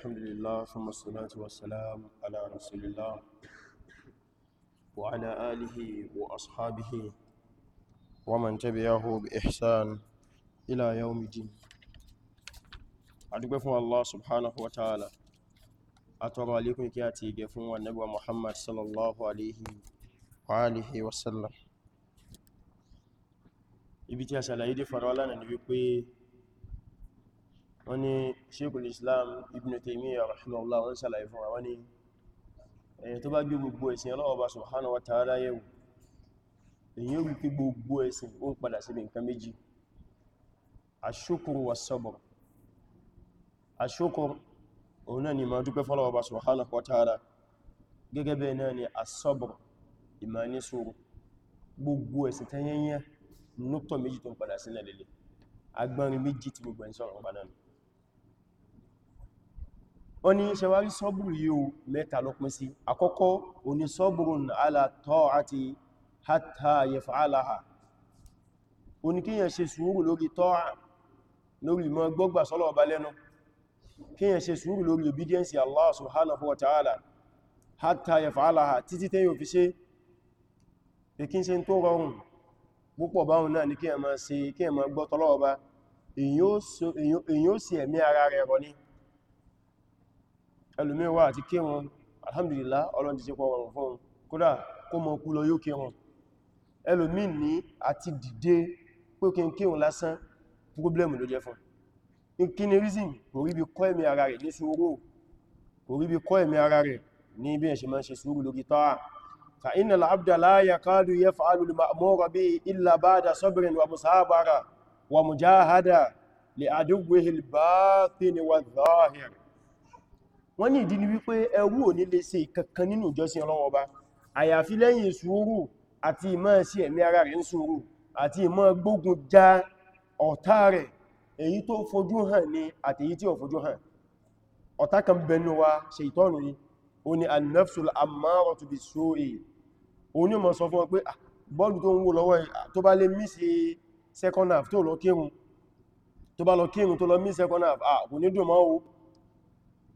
الحمد لله ثم الصلاة والسلام على رسول الله وعلى آله وأصحابه ومن تبعه بإحسان إلى يوم الدين أدقف الله سبحانه وتعالى أترى لكم كاتي قفوا النبوة محمد صلى الله عليه وآله وسلم ibi tí a ṣàlàyé dé fara lánàá ni wípé wọ́n ni Sheikhul Islam Ibn Taymiyyah rahimahullah wọ́n sàlàyé fún àwọn ni ẹ̀yìn tó bá gbé gbogbo ẹ̀sìn ọlọ́ọ̀bá subhanahu wa ta'ala yẹ̀wò èyí ó wípé gbogbo ẹ̀sìn ó ń padà sí nǹkan méjì ashukuru wa sabr ashukuru òun náà ni ma dúpẹ́ fọ́lọ́ọ̀bá subhanahu wa ta'ala gẹ́gẹ́ méjì tí gbogbo ẹ̀sìn ọ̀rọ̀ padà ó ní ṣẹwárí sọ́bùrù yíò mẹ́ta ló pín sí àkọ́kọ́ ó ní sọ́bùrùn ala ta'ati hatta yaf'alaha ó ní kíyàn ṣe sùúrù lórí ta'a lórí mọ́ gbọ́gbà sọ́lọ̀ ọba lẹ́nu kíyàn ṣe sùúrù lórí obedience Allah subhanahu wa ta'ala hatta yaf'alaha títí tẹ́ yóò fi ṣe ìkín ṣe tó rọrùn púpọ̀ báhùn náà ní kíyàn máa ṣe kíyàn máa gbọ́ ẹlòmíwà àti kírun alhamdulillah ọlọ́n ti ṣe pọ̀ rọrùn fún kódà kó mọ kú lọ yóò kírun ẹlòmí ní àti dìde pé kí n kírun lásán problem ló jẹ́ fún kí ni reason kò rí bí kọ́ ẹ̀mí ara rẹ̀ ní sùúrù kò rí bí kọ́ ẹ̀mí ara rẹ̀ ní bí ẹ̀ṣẹ̀ máa ṣe sùúrù lórí tọ́à fa inna al-abda la yakadu yaf'alu al-ma'mura bihi illa ba'da sabrin wa musabara wa mujahada li aduwwihi al-batin wa adh wọ́n ní ìdí ni wípé ẹrú ò ní lè ṣe ìkankan nínú ìjọsìn Ọlọ́run Ọba àyàfi lẹ́yìn sùúrù àti ìmọ̀ sí ẹ̀mí ara rẹ̀ ń sùúrù àti ìmọ̀ gbógun já ọ̀tá rẹ̀ èyí tó fojú hàn ní àti èyí tí ò fojú hàn ọ̀tá kan bẹnu wa ṣe ìtọ́nù ni o ni ah, ah, al-nafsul ní ah kò ní dùn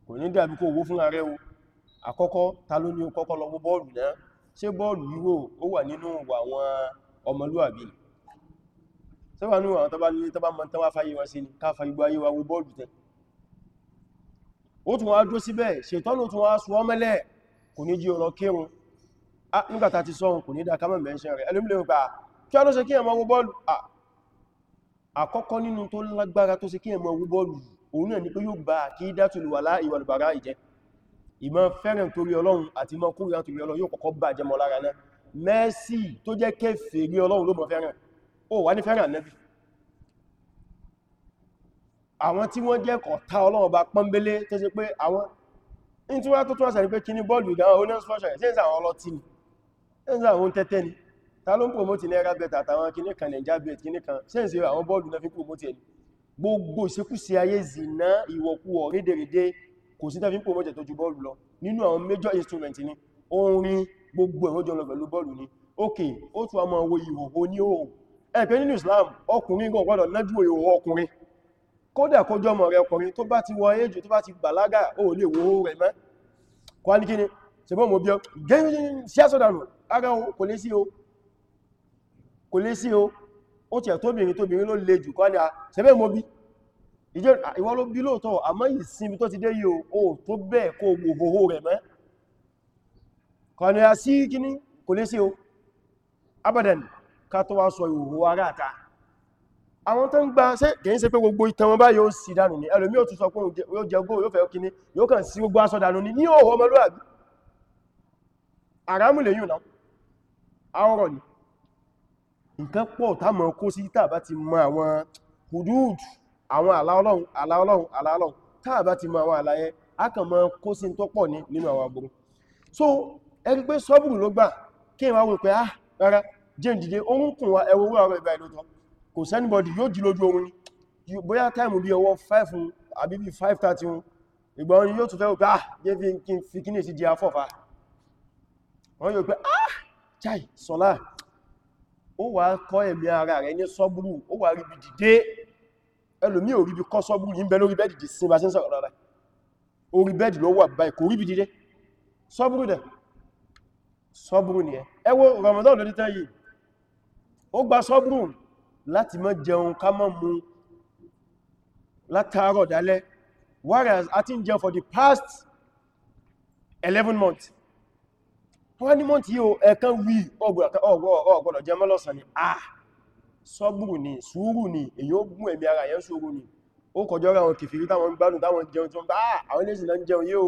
kò ní dàbí kó wó fún ààrẹ o àkọ́kọ́ ta ló ní o kọ́kọ́ lọ wó bọ́ọ̀lù náà ṣé bọ́ọ̀lù wíwò ó wà nínú àwọn ọmọlúwàbí sọ́wọ́n nínú àwọn tọ́bá nílé tọ́bá wa wó bọ́ọ̀lù tẹ́ ó tún wá dó síbẹ̀ ṣètọ́nù tún wá sọ ọmọlẹ̀ kò ní jí ọ̀rọ̀ kírun nígbàtà ti sọ́run nínú tó lágbára tó ṣe kí ẹmọ wó bọ́ọ̀lù òun náà ni pé yóò bá àkídàtul wala'i wal bara'i jẹ́ ìmọ̀ fẹ́ràn torí ọlọ́run àti ìmọ̀ kúrò torí ọlọ́run yóò kọ́kọ́ bà jẹ́ mọ́ lára náà mẹ́sì tó jẹ́ kèfèrí ọlọ́run ló mọ̀ fẹ́ràn ó wà ní fẹ́ràn nẹ́bì àwọn tí wọ́n jẹ́ kọ̀tá ọlọ́run bá pọ́nbélé tó ṣe pé àwọn in tí wọ́n tó tún àṣà ní pé kí ní bọ́ọ̀lù ìdáwọn oníṣẹ́ fọ́ṣọ̀rẹ̀ sí ni náà fi promote ẹni gbogbo ìṣekúṣe ayé zìná ìwọ̀kúwọ̀ rédèrèdè kò sí tàbí pòmọ́jẹ̀ tó ju bọ́ọ̀lù lọ nínú àwọn major instrument ni orin gbogbo ẹ̀rọ jọlọ pẹ̀lú bọ́ọ̀lù ni ok ó tún a máa wo ìhòhò ní ohun ẹ̀pẹ́ nínú Islam ọkùnrin gan gbọ́dọ̀ nájú ìhòhò ọkùnrin kódà kójọ mọ̀ rẹ ọkùnrin tó bá ti wọ éjì tó bá ti bàlágà ó lè wo rẹ̀ mẹ́ kwanikini ṣe bọ́ mọ̀ bí ọ gẹ́rin sí àsọ̀dànù ara kò lé sí o ó ti ẹ̀tóbìnrin tóbìnrin ló le jù kọ́ ní a ṣẹ́bẹ̀ mọ́ bí ìwọ ló bí lóòtọ́ àmọ́ ìsinmi tó ti dé yíò ó tó bẹ́ẹ̀ kó gbogbo rẹ̀ mẹ́ kọ́ ní a sí kíní kò lé sí o abadan ká tó wá sọ ìhòhò ara àta àwọn tó ń gba ṣe kìí ṣe pé gbogbo ìtàn wọn bá yóò sì dànù ní ẹlòmí ò tún nǹkan pọ̀ táàmà kó sí tàbá ti mọ àwọn hudud àwọn aláọlọ́run aláọlọ́run aláọlọ́run tàbá ti mọ àwọn àlàyé akànmọ́ kó sí tó pọ̀ ní nínú àwọn agbóró so ẹni pé sọ́bùrù ló gbà kí wá wípé ah rárá jẹ́ ìdìde oorun kùn wa ẹwọ owó ọ̀rọ̀ ìgbà ah ah chai sọ́lá ó wà kọ́ ẹ̀mí ara rẹ̀ ní sọ́bùrù ó wà rí bí dìde ẹlòmí ò rí bí kọ́ sọ́bùrù yí ń bẹ lórí bẹ́ẹ̀dì sí bá sí ń sọ̀rọ̀ lára orí bẹ́ẹ̀dì ló wà báyìí kò rí bí dìde sọ́bùrù dẹ̀ sọ́bùrù ni ẹ ẹ Ramadan lórí a ti ń jẹun for 11 months pọ́nímọ̀tí yíò ẹ̀kan wí ọgbọ̀dọ̀ jẹ mọ́lọ́sàn ni ah sọ́gbùrù ni sùúrù ni èyí ó gún ẹ̀mí ara yẹn sùúrù ni ó kọjọ́ ra àwọn kìfìrí táwọn gbádùn táwọn jẹun tí wọ́n bá ah! àwọn ilé-ìsìn náà jẹun yíò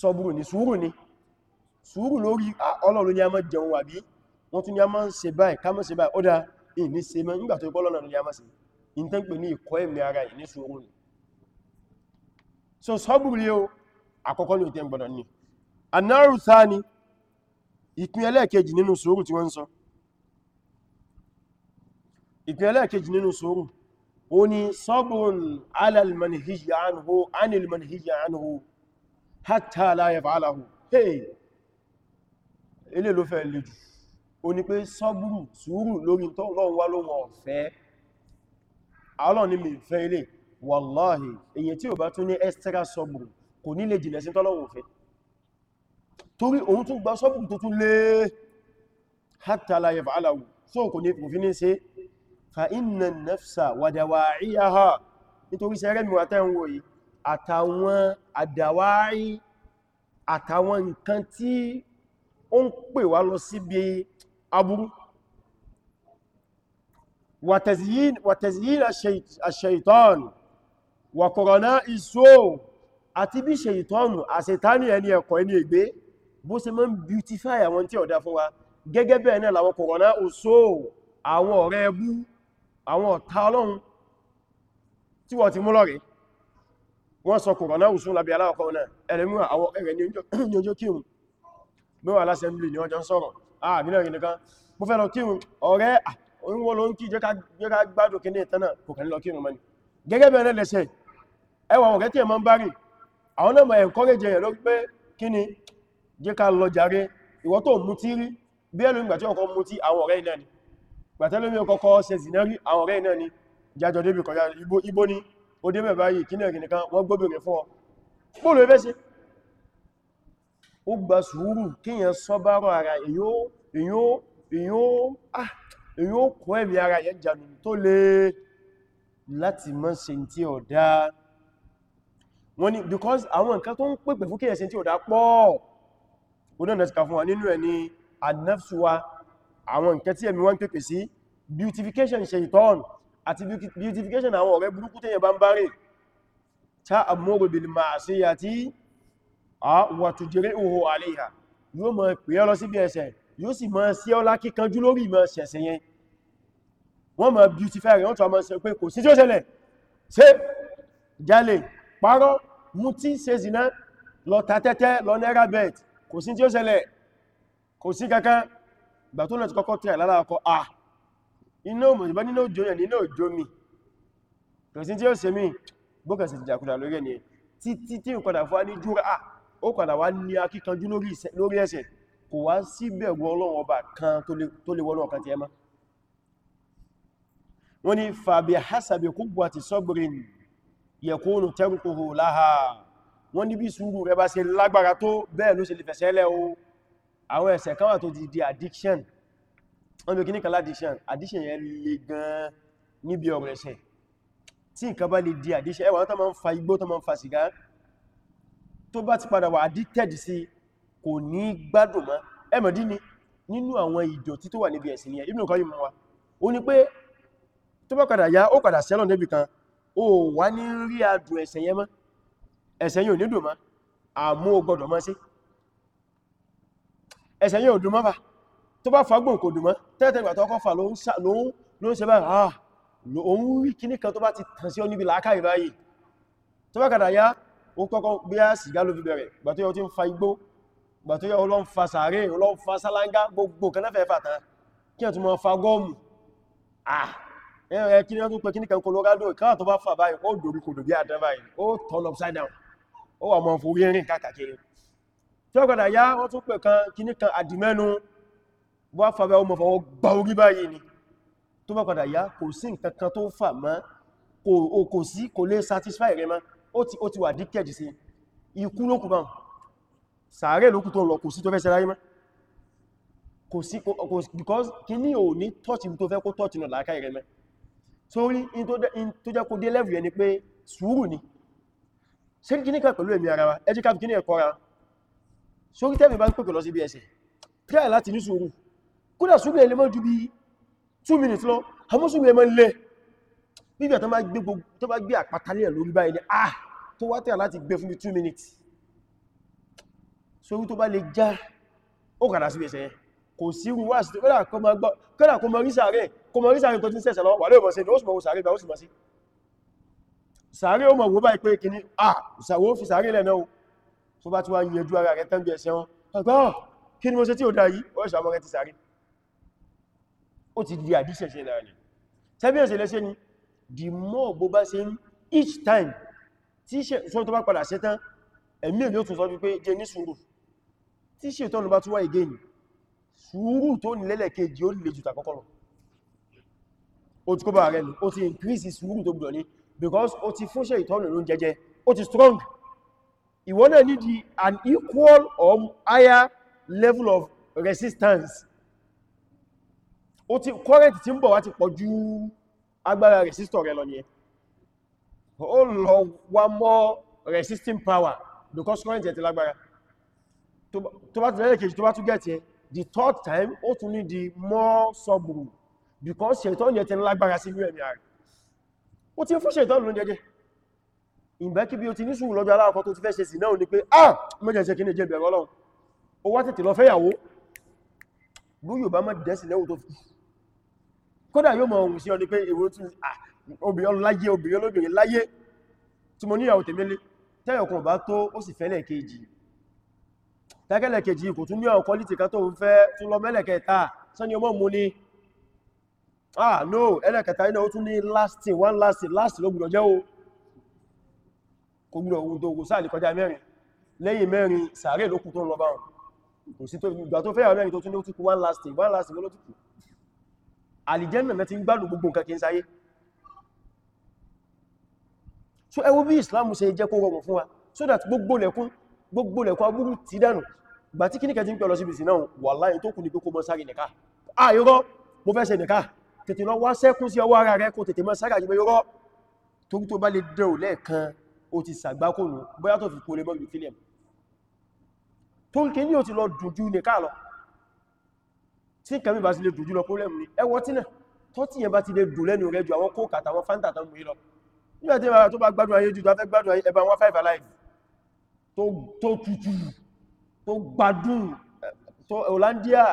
sọ́gbùrù ni sùúrù ni sùúrù lórí ah! Ọlọ́run ni a máa jẹun wà bí wọ́n tún ni a so sọ́gbùrù yíò àkọ́kọ́ ní òtẹ́ gbọ́dọ̀ ni ni ìpín ẹlẹ́ẹ̀kejì nínú sùúrù tí wọ́n ń sọ ìpín ẹlẹ́ẹ̀kejì nínú sùúrù ó ní sabrun ala al-manhiyyi anhu anil manhiyyi anhu hatta la yaf'alahu hey ilé ló fẹ́ lè jù ó ní pé sọ́bùrù sùúrù lórí tó lọ́wọ́ wá lóhun ọ̀fẹ́ ni mi fẹ́ wallahi èyí tí ò bá tún ní extra sọ́bùrù kò ní lè jìnà sí tọ́lọ́wọ́ torí òun tún gba sọ́bù tó tún lé hátàlá yẹ fa'aláwù so kò ní kò fi ní ṣe fa inna nafsa wadawa'iyaha nítorí sẹ́rẹ́ mi wàtẹ́wò yìí àtàwọn àdàwárí àtàwọn nǹkan tí ó ń pè wá lọ síbi aburú wàtẹ̀síyìn àṣẹ̀ìtọ́n ìtọ́nù àṣẹ̀tánì ẹni bó ṣe máa beautify àwọn tí ọ̀dá fún wa gẹ́gẹ́ bẹ́ẹ̀ náà làwọn kòrónà òṣó àwọn ọ̀rẹ́ ẹbú àwọn ọ̀tá ọlọ́run tí wọ́n ti mú lọ́rẹ̀ wọ́n sọ kòrónà òṣó lábí aláwọ̀kọ́ náà ẹlẹ́mú àwọn ẹ̀rẹ̀ ní ọjọ́ kíhùn mẹ́wàá lásẹ̀mìlì ni wọ́n jọ ń sọ̀rọ̀ àmìnà ìrìn nìkan bó fẹ́ lọ kíhùn ọ̀rẹ́ òun wọ́n ni jẹ́ ká lọ jàre ìwọ tó mú tí rí bí ẹlùmí gbàtí ọkọ̀ mú tí àwọn ọ̀rẹ́ iná ni gbàtẹ́lùmí ọkọ̀kọ́ ṣe zinari àwọn ọ̀rẹ́ iná ni jàjọ débi kọjá ibo ni ó débẹ̀ báyìí kí náà nìkan wọ́n gbóbìnrin fún ọ bóòlù ni ah, because àwọn nǹkan tó ń pèpè fún kíyàn ṣe tí ọ̀dá pọ̀ oná nẹ́sìká fún wa nínú ni adnafsuwa àwọn nǹkan tí ẹ̀mí wọ́n pèpè sí beautification shaitan àti beautification àwọn ọ̀rẹ́ burúkú tẹ́yẹ bá ń bá rẹ̀ ta amuru bil ma'siyati wa tujri'uhu 'alayha yóò máa pè ọ́ lọ síbi ẹ̀ṣẹ̀ yóò sì máa sí ọlá kíkanjú lórí ìmọ̀ ṣẹ̀ṣẹ̀ yẹn wọ́n máa beautify rẹ̀ wọ́n tó máa sọ pé kò sí tí ó ṣẹlẹ̀ ṣe jalè parọ́ mutí ṣe zina lọ ta tẹ́tẹ́ kò sí tí ó ṣẹlẹ̀ kò sí kankan gbà tó lọ ti kọ́kọ́ tí àlára ọkọ̀ à iná òmùn ìbá nínú òjò yẹn nínú òjò mi kò sí tí ó ṣe mí gbókẹ̀ sí ìjàkúdà lórí ẹni títí tí ó padà fún ní júra à ó padà wá ní akíkanjú lórí ẹsẹ̀ wọ́n ní bí sùúrù rẹ bá ṣe lágbára tó bẹ́ẹ̀ ló ṣe lè fẹ̀sẹ̀lẹ̀ o àwọn ẹ̀ṣẹ̀ kan tó ti di addiction wọ́n bí kíní kan addiction addiction yẹn le gan níbi ọ̀rọ̀ ẹ̀ṣẹ̀ tí nǹkan bá lè di addiction ẹwà tó máa ń fa igbó tó máa ń fa sìgá tó bá ti padà wà ni nínú àwọn ìdọ̀tí tó wa ó ní pé tó bá padà yá ó padà sẹ́lọ̀ níbi kan ó wà ní rí ẹ̀ṣẹ̀ yìí ò ní dùnmá àmú o gbọdọ̀ mọ́ sí ẹ̀ṣẹ̀ yìí ò dùnmá bá tó bá fagbọn kò dùnmá tẹ́tẹ́ ìgbà tọ́kọ́ fà ló ń ṣe bá àà ah, òun rí kíní kan tó bá ti tàn sí ọ níbi làákàrí báyìí tó bá kàdà yá ó kọ́kọ́ bí á sìgá ló fi bẹ̀rẹ̀ ìgbà tó yọ tí ń fa igbó ìgbà tó yọ ọlọ́n fa sàárè ọlọ́n fa sálángá gbogbo kan náfẹ́ fàtà ah ẹ̀rẹ̀ kí ni wọ́n tún pẹ kíní kan Colorado káà tó bá fà báyìí ó dòrí kò dòrí turn upside down ó wà mọ́ forí rìn káàkiri tí ó padà yá wọ́n tún pẹ̀ kan kíní kan àdìmẹ́nu wá fàbẹ́ ọmọ fọwọ́ gba orí báyìí ni tó bá padà yá kò sí nǹkan kan tó fà mọ́ kò sí kò lè satisfy rẹ mọ́ ó ti wà addicted sí ikú lókù bá sàárẹ̀ lókù tó lọ kò sí tó fẹ́ sẹ́ráyé mọ́ kò sí because kíní ò ní tọ́tì tó fẹ́ kó tọ́tì náà láàká ìrẹ́mẹ́ torí in tó jẹ́ kó dé level yẹn ni pé sùúrù ni ṣe ní kíníkà pẹ̀lú èmì ara wa ẹjíká kí ní ẹ̀kọ́ ra sórí tẹ́mì bá ń pèkè lọ sí bí ẹsẹ̀ try láti ní sùúrù kódà sùúrù ẹlẹ́mọ́ ju bí 2 minutes lọ àmọ́ sùúrù ẹmọ́ lẹ́ nígbà tó bá gbé àpàtàlẹ̀ lórí báyìí ni ah tó wá tẹ́ láti gbé fún bí 2 minutes sórí tó bá lè já ó kàdà sí ẹsẹ̀ kò sí irú wá sí kódà kọmọ rí sàárẹ̀ kọmọ rí sàárẹ̀ tó ti ń sẹ̀sẹ̀ lọ wà lóòbọ̀ sí ni ó sì mọ̀ sàárẹ̀ bá ó sì mọ̀ sí sàárè ó mọ̀ wó báyìí pé kìíní ah ìsàwó fi sàárè lẹ̀ náà tó bá tí wá yẹjú ara rẹ̀ tán bí ẹsẹ̀ wọn àgbà kí ni mo ṣe tí ó dá yìí ó ẹ̀ṣọ́ àmọ́rẹ́ ti sàárè ó ti di àdíṣẹ̀ṣẹ̀ náà ni tẹ́bí the more bó bá each time tí ṣe tó bá padà ṣe tán ẹ̀mí èlé ó tún sọ wípé jẹ ní sùúrù tí ṣe tó bá tún wá again sùúrù tó ní lẹ́lẹ̀kejì ó lè jù tàkọ́kọ́ lọ ó ti kó bá rẹ̀ ó ti increase sùúrù tó gbọ́dọ̀ ní because ó ti fún Ṣaitọ́nù ló ń jẹjẹ ó ti strong ìwọ náà need an equal or higher level of resistance ó ti current tí ń bọ̀ wá ti pọ̀ ju agbára resistor rẹ lọ ní ẹ ó lọ wá more resisting power because current ẹ̀ ti lágbára tó bá tún lẹ́lẹ̀ kejì tó bá tún gẹ̀ẹ́tì ẹ the third time ó tún ní the more sọ́bùrù because Ṣaitọ́nù yẹ ti lágbára sí ní ẹ̀mí ààrẹ ó ti fún ṣètọ́ lóúnjẹ jẹ ìbẹ́ kí bí o ti ní sùúrù lọ́jọ́ aláàkọ́ tó ti fẹ́ ṣe sí náà ni pé ah mẹ́jẹ̀ ṣe kí ní jẹ́ bẹ̀rẹ̀ ọlọ́run ó wá tètè lọ fẹ́yàwó lóyò bá mọ́dẹ̀ sí lẹ́wò tó fi kódà yóò mọ̀ ohun sí ọ ni pé èwo tún obìnrin láyé obìnrin olóbìnrin láyé tí mo níyàwó tèmélé tẹ́yọ̀kan bá tó ó ah no ẹlẹ́kẹta iná ó tún ní lasting one lasting last ló gbọ́dọ̀ jẹ́ o kò gbọ́dọ̀ ohun tó gùn sáà lè kọjá mẹ́rin lẹ́yìn mẹ́rin sàárè ló kù tó ń lọ bá wọn kò sí tó ìgbà tó fẹ́yàwó mẹ́rin tó tún ní ó tún kù one lasting one lasting ló tún kù àlìjẹ́nà mẹ́ ti ń gbádùn gbogbo nǹkan kí ń sáyé so ẹ wo bí Islam ṣe jẹ́ kó rọrùn fún wa so that gbogbo lẹ̀kún gbogbo lẹ̀kún agbúrú ti dànù gbà tí kíníkẹ̀ ti ń pẹ̀ lọ síbi sí náà wà láyìn tó kù ní pé kó mọ́ sáré nìká ah irọ́ mo fẹ́ ṣe nìká tètè lọ wá sẹ́kún sí ọwọ́ ara rẹ kò tètè mọ́ sára jù yọ́rọ́ torí tó bá lè dẹ̀ ò lẹ́ẹ̀kan o ti sàgbákòrò bóyá tó fi kò lè bọ́ ìlú fílẹ̀ tó ń kí ní o ti lọ dùjú ní káàlọ̀ tí kẹmí bá ti lè dùjú lọ problem ni ẹwọ́ tí náà tó tí yẹn bá ti lè dùn lẹ́nu rẹ ju àwọn kóòkà àtàwọn fanta tán mú lọ nígbà tí bàbá tó bá gbádùn ayé jù tó fẹ́ gbádùn ayé ẹba wọn five alive tó tutù tó gbádùn tó Hollandia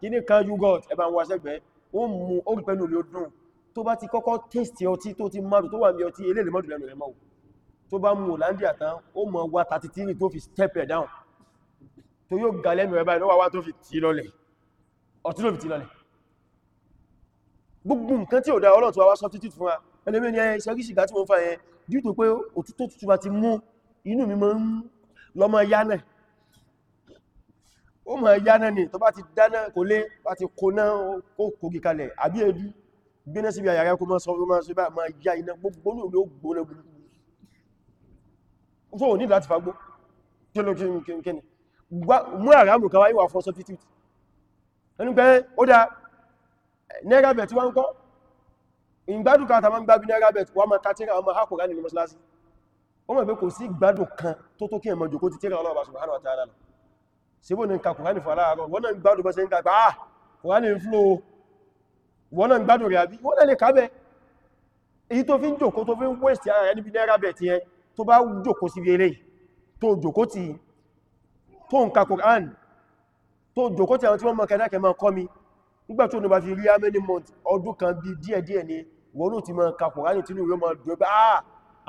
kí ní kan yogurt ẹba wọn sẹ́gbẹ̀ẹ́ ó mú ó rí pẹ̀lú omi ó dùn tó bá ti kọ́kọ́ tẹ́sì ọtí tó ti márùn tó wà ní ọtí eléèlè mọ́dù lẹ́nu rẹ̀ mọ́wọ́ tó bá mú Hollandia tán ó mọ̀ wá 33 tó fi step it down tó yóò ga lẹ́nu rẹ̀ báyìí lọ́wọ́ wá tó fi tí lọlẹ̀ ọtí ló fi tí lọlẹ̀ gbogbo nǹkan tí ò dá Ọlọ́run tó wá substitute fún wa ẹlẹ́mí ni ẹyẹ iṣẹ́ gíṣìgá tí mo fà yẹn dí tó pé òtútó tútù bá ti mú inú mi máa ń lọ́mọ yánà ó mọ̀ yánà ní tó bá ti dáná kò lé bá ti kó náà ó kògì kalẹ̀ àbí ẹ̀dú gbéná síbi àyàrá kó mọ́ sọ́rọ̀ máa sọ́bá máa yá iná gbogbo ní òun ó gbóná burúkú fún òní láti fagbó tí ó lọ kí ní mú àrámù kan wáyíwà fún substitute ẹni pé ó dá náírà bẹ̀t wá ń kọ́ ìgbádùn kan tàbí gbábi náírà bẹ̀t wá máa kátírà ọmọ hákùnrán nínú mọ́sálásí ó mọ̀ pé kò sí ìgbádùn kan tó tó kí ẹmọ jòkó ti tírà Ọlọ́run subhanahu wa ta'ala lọ síbò ní ka kùránì fún aláàrọ̀ wọ́n náà gbádùn bọ́sẹ̀ ń ka pàá ah! kùránì ń fló wọ́n náà gbádùn rẹ̀ àbí wọ́n náà lè kábẹ̀ èyí tó fi ń jòkó tó fi ń wẹ́sì ara ẹni bí náírà bẹ̀ ti ẹ tó bá jòkó sí rere tó jòkó ti tó ń ka kùránì tó jòkó ti àwọn tí wọ́n mọ̀ kẹ́dákẹ́ máa kọ́ mi nígbà tó ní fi rí amẹ́ni month ọdún kan bí díẹ̀díẹ̀ ni wọ́n ló ti máa ka kùránì tínú rẹ̀ máa dùn bá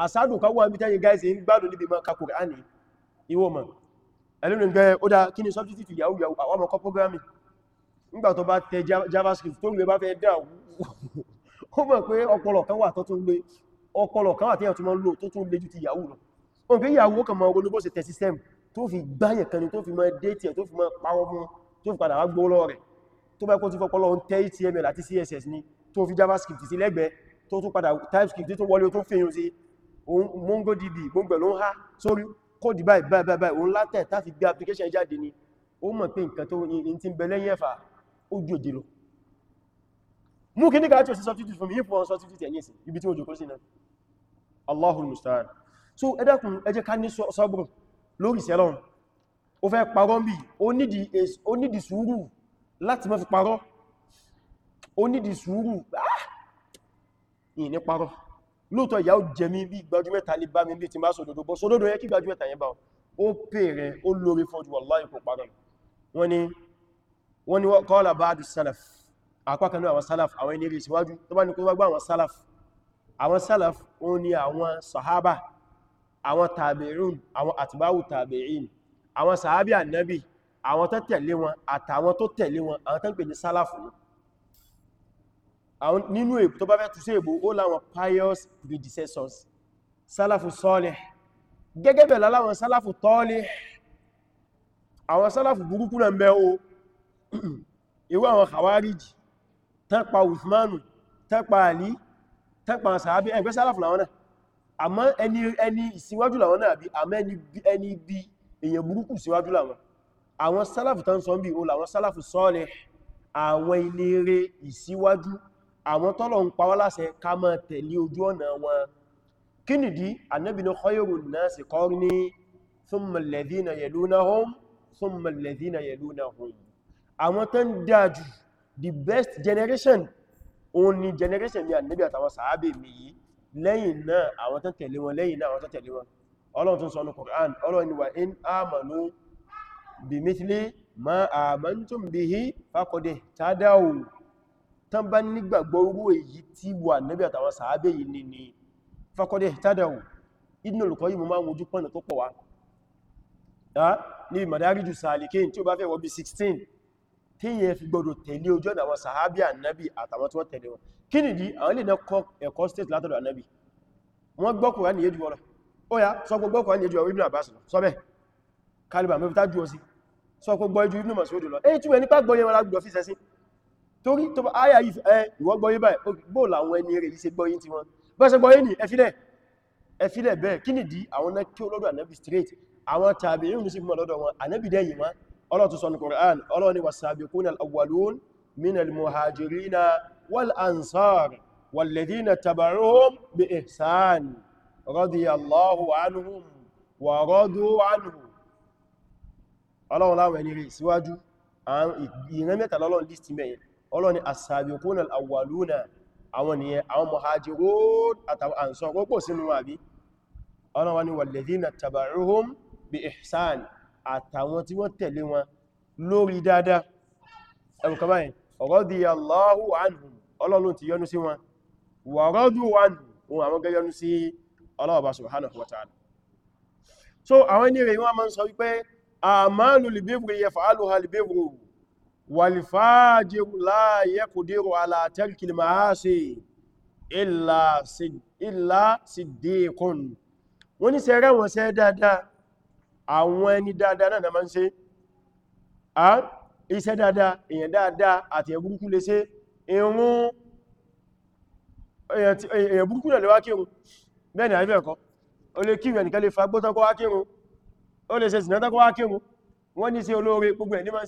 àsádùn káwọn àmì gáìsì ń gbádùn níbi máa ka kùránì ìwọ̀n ẹlẹ́nu gbẹ́ ó dá kí ni substitute yahoo yahoo àwọn ọmọkọ́ programming nígbà tó bá tẹ javascript tó ń gbé bá fẹ́ dá ó mọ̀ pé ọpọlọ kan wà tó tún lé ọpọlọ kan wà tí yàn tún mọ́ lò tó tún lé ju ti yahoo lọ system tó fi gbáyẹ̀ kan ni tó fi mọ́ date tó fi mọ́ pàwọ́ mú tó fi padà wá gbó lọ rẹ̀ tó bá typescript tó wọlé tó fi yún sí mongodb gbogbo ló ń há sórí kódì báyìí báyìí báyìí òun látẹ̀ tàfi gbé application jáde ni ó mọ̀ pé nǹkan tó in ti ń bẹ lẹ́yìn ẹ̀fà ó jù òjì lọ mú kí ní ká tí ó sí substitute fún mi yípo wọn substitute ẹ̀yìn sí ibi tí ó jòkó sí náà Allahul musta'an so ẹ dákun ẹ jẹ́ ká ní sọ́bùrù lórí sẹ́lọ́run ó fẹ́ parọ́ bí ó nídi sùúrù láti má fi parọ́ ó nídi sùúrù ah ìní parọ́ lóòtọ́ ìyá ó jẹ mí bí gbájú mẹ́ta lè bá mi bí ti máa sòdòdó bọ́ sódòdó yẹ kí gbájú mẹ́ta yẹn bá ó pè rẹ̀ ó lórí fọ́jú wallahi kò parọ́ wọ́n ni wọ́n ni qala ba'du salaf àpákanú àwọn salaf àwọn ẹni rí síwájú tó bá ní kó wágbá àwọn salaf àwọn salaf ó ní nínú èbò tó bá fẹ́ túnṣe èbò ó láwọn pious predecessors sálàfù sọ́lẹ̀ gẹ́gẹ́ bẹ̀ láwọn sálàfù tọ́lẹ̀ àwọn sálàfù burúkú náà mẹ́ o ìwọ àwọn khawariji tẹ́pa uthmanu tẹ́pa ali tẹ́pa sàábí ẹgbẹ́ sálàfù làwọn náà àmọ́ ẹni ẹni ìsíwájú làwọn náà bí àmọ́ ẹni bí èèyàn burúkú síwájú làwọn àwọn sálàfù tán sọ bí o làwọn sálàfù sọ́lẹ̀ àwọn ilé ìsíwájú àwọn tọ́lọ̀ ń pawọ́ láṣẹ ká má tẹ̀lé ojú ọ̀nà wọn kí nìdí Ànábì ní khayrun nasi qarni thumma alladhina yalunahum thumma alladhina yalunahum àwọn tó ń dájú the best generation òun ni generation mi Ànábì àtàwọn sàábè mi yìí lẹ́yìn náà àwọn tó tẹ̀lé wọn lẹ́yìn náà àwọn tó ní Qur'an Ọlọ́run ni wa in amanu bimithli ma amantum bihi faqad tadaw tán bá nígbàgbọ́ orú èyí tí wà Nábì àtàwọn sàábé yìí ni ni fakọ́dẹ̀ tádàwù Ibn al-Qayyim máa ń wojú pọ̀nà tó pọ̀ wá ní Madariju Salikin tí ó bá fẹ́ wọ́bí 16 tí yẹ fi gbọdọ̀ tẹ̀lé ojú ọ̀nà àwọn sàábí ànábì àtàwọn tí wọ́n tẹ̀lé wọn kí ni dí àwọn lè náà kọ́ ẹ̀kọ́ state látọ̀dọ̀ ànábì wọ́n gbọ́ Kùránì yé jù ọ̀rọ̀ ó yá sọ gbogbo Kùránì yé jù ọ̀rọ̀ Ibn Abbas lọ sọ bẹ́ẹ̀ kálíbà mẹ́fẹ́ta jù ọ sí sọ gbogbo ẹjú Ibn Mas'ud lọ èyí tí wẹ́ nípa gbọ́ yẹn wọn lágbọ́ fi sẹ́sìn torí tó ayà ìwọ́ gbọ́yé báyìí bóò làwọn ẹni rẹ̀ ṣe gbọ́yé tí wọ́n bọ́ ṣe gbọ́yé ní ẹfílẹ̀ ẹfílẹ̀ bẹ́ẹ̀ kí nìdí àwọn náà kí olódò ànábì straight àwọn tàbí yíò sí mọ́ lọ́dọ̀ wọn ànábì dẹ́yìn wá ọlọ́tún sọ ní Qur'an ọlọ́ni was-sabiquna al-awwalun min al-muhajirina wal-ansar wal-ladhina taba'uhum bi ihsan radiyallahu anhum wa radu anhu ọlọ́run láwọn mẹ́yìn ọlọ́ni as-sabiquna al-awwaluna àwọn nìyẹn àwọn muhajirun àtàwọn ansar pọ̀ sínú àbí ọlọ́wà ni walladhina taba'uhum bi ihsan àtàwọn tí wọ́n tẹ̀lé wọn lórí dáadáa ẹ̀rùkọ́ báyìí radiyallahu anhum ọlọ́run ti والفاجر لا يقدر على ترك المعاصي إلا سد إلا صديق wọ́n ní sẹ́rẹ́ wọn sẹ́ dáadáa àwọn ẹni dáadáa náà ma ń ṣe a iṣẹ́ dáadáa èyàn dáadáa àti èyàn burúkú lè ṣe irun èyàn burúkú náà lè wá kírun bẹ́ẹ̀ ni àríbẹ̀ẹ̀kọ́ o lè kírun ẹnìkan lè fagbótọ́kọ́ wá kírun o lè ṣe sìnátọ́kọ́ wá kírun wọ́n ní gbogbo ẹ̀ ní ma ń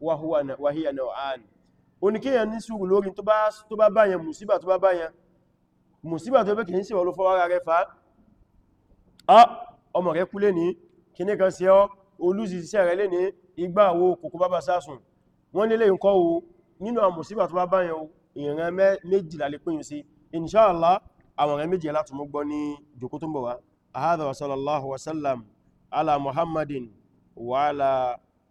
wa hiya naw'an ó ní kéèyàn ní sùúrù lórí tó bá báyàn mùsíbà tó bá báyàn mùsíbà tó bẹ́ kìí sí wọ́n ló fọ́wọ́ra rẹ fa á ọmọ rẹ kú lé ní kíní kan sí ọ olúsìsẹ́ rẹ lé ní igbá kòkó bá bá sásùn wọ́n lélẹ̀ ń kọ́ o nínú àwọn mùsíbà tó bá báyàn